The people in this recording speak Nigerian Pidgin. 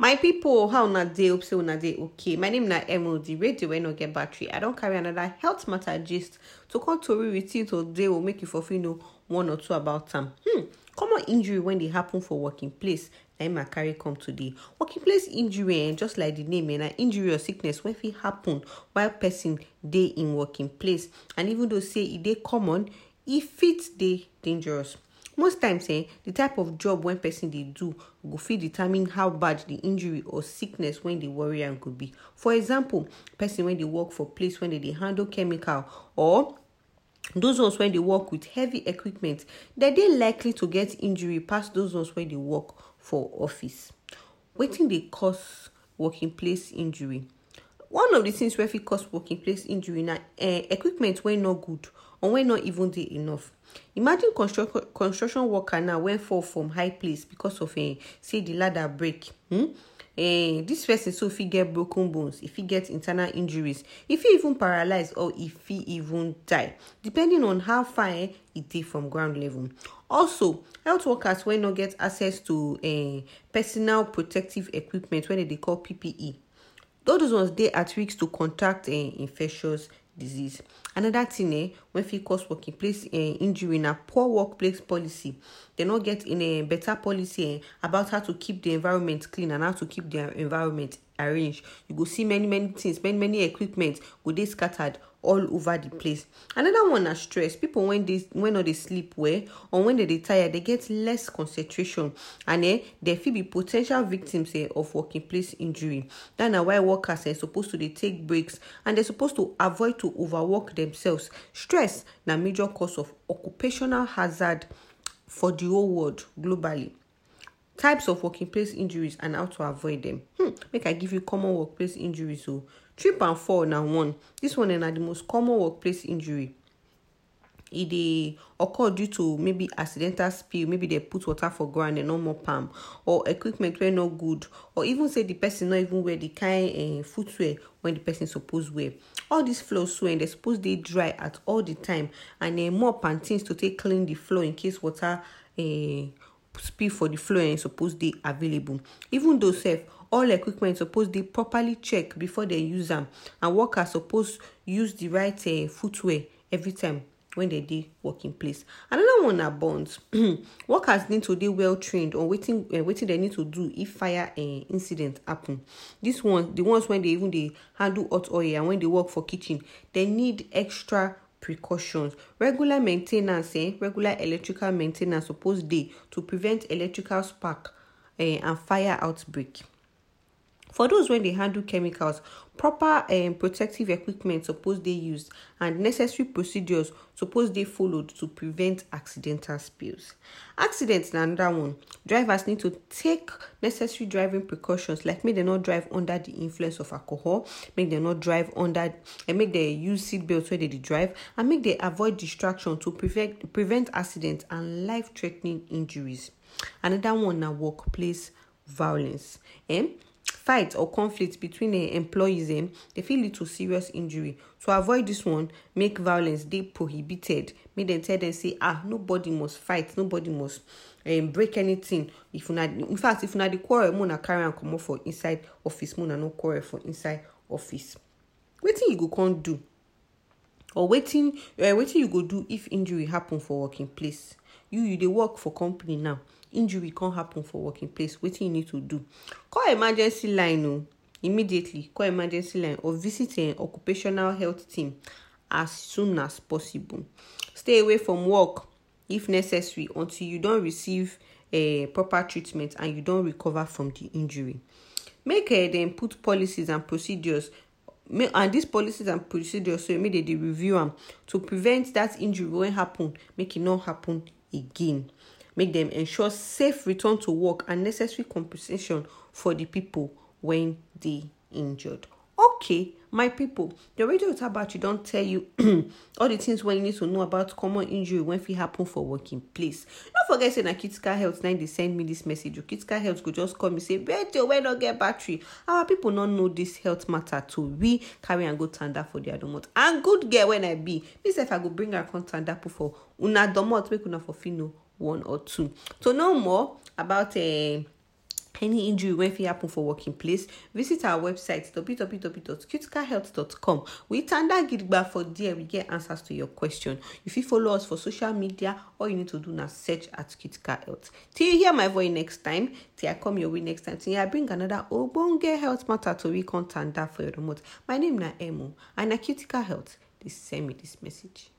my people how na day hope say na day okay my name na emily the radio wey no get battery i don't carry another health matter gist to come tori with you today will make you for fit know one or two about am hmm common injury when they happen for working place na im carry come today working place injury eh just like the name and eh, na injury or sickness when fit happen while person day in working place and even though say it e dey common e fit dey dangerous most times eh, the type of job when person dey do go fit determine how bad the injury or sickness when dey worry am go be for example person when dey work for place when they dey handle chemical or those ones when dey work with heavy equipment dem dey likely to get injury pass those ones when dey work for office wetin dey cause working place injury one of the things wey fit cause working place injury na um equipment wey no good or wey no even dey enough imagine construction construction worker now wey fall from high place because of um, say the ladder break hmm? um, this person so fit get broken bones e fit get internal injuries e fit even paralyse or e fit even die depending on how far eh, e dey from ground level also health workers wey no get access to um, personal protective equipment wey dem dey call ppe all those ones they at risk to contract um, infectious disease another thing eh, wey fit cause working place eh, injury a poor workplace policy They not get in a better policy eh, about how to keep the environment clean and how to keep their environment arranged you go see many many things many many equipment go dey scattered all over the place another one na stress people when they when no dey sleep well or when they dey tired they get less concentration and eh they fit be po ten tial victims eh, of working place injury that na why workers eh, suppose to dey take breaks and they suppose to avoid to overwork themselves stress na major cause of occupational hazard for the whole world globally types of working place injuries and how to avoid them hmm make i give you common workplace injuries o oh. trip and fall na one this one na the most common workplace injury e dey occur due to maybe accidental spill maybe dem put water for ground and no more palm or equipment wey no good or even say the person no even wear the kind uh, footwear wey the person suppose wear all these floor swell dem suppose dey dry at all the time and uh, mop and things to take clean the floor in case water uh, speed for the flowering suppose dey available even though sef all equipment suppose dey properly check before dem use am and workers suppose use the right uh, footwear every time when dem dey working place. Another one na bonds. Workers need to dey well trained on wetin uh, wetin dem need to do if fire uh, incident happen. This one, the ones when dey even dey handle hot oil and when dey work for kitchen, dem need extra precautions regular maintenance, eh, regular electrical maintenance, ten ance suppose dey to prevent electrical spark eh, and fire outbreak. For those when they handle chemicals, proper um, protective equipment suppose they used and necessary procedures suppose they followed to prevent accidental spills. Accidents another one. Drivers need to take necessary driving precautions like make they not drive under the influence of alcohol, make they not drive under and make they use seat belts when they drive and make they avoid distraction to prevent prevent accidents and life-threatening injuries. Another one now workplace violence. Um, fight or conflict between the employees um, they feel lead to serious injury to avoid this one make violence they prohibited make them tell them say ah nobody must fight nobody must um, break anything if not, in fact if not the quarrel make una carry come comot for inside office make una no quarrel for inside office wetin you go come do or waiting, uh, um, wetin you go do if injury happen for working place you you they work for company now injury can happen for working place What you need to do call emergency line o immediately call emergency line or visit an occupational health team as soon as possible stay away from work if necessary until you don receive uh, proper treatment and you don recover from the injury make uh, dem put policies and procedures make and these policies and procedures so make they review them to prevent that injury wey happen make e no happen again make dem ensure safe return to work and necessary compensation for di pipo wey dey injured. okay my people the radio without battery don tell you all the things wey you need to know about common injury wey fit happen for working place no forget say na critical health na dey send me this message o oh. critical health go just call me say radio wey no get battery our people no know this health matter to we carry am go tanda for their domot and good girl when i be me sef i go bring am come tanda put for una domot make una for fit know one or two. To know more about a uh, eh, any injury when it happen for working place visit our website www.cuticalhealth.com we tanda gidigba for there we get answers to your question If you follow us for social media all you need to do now search at cuticle health till you hear my voice next time till i come your way next time till i bring another ogbonge health matter to we come that for your remote my name na emu and na cuticle health They send me this message.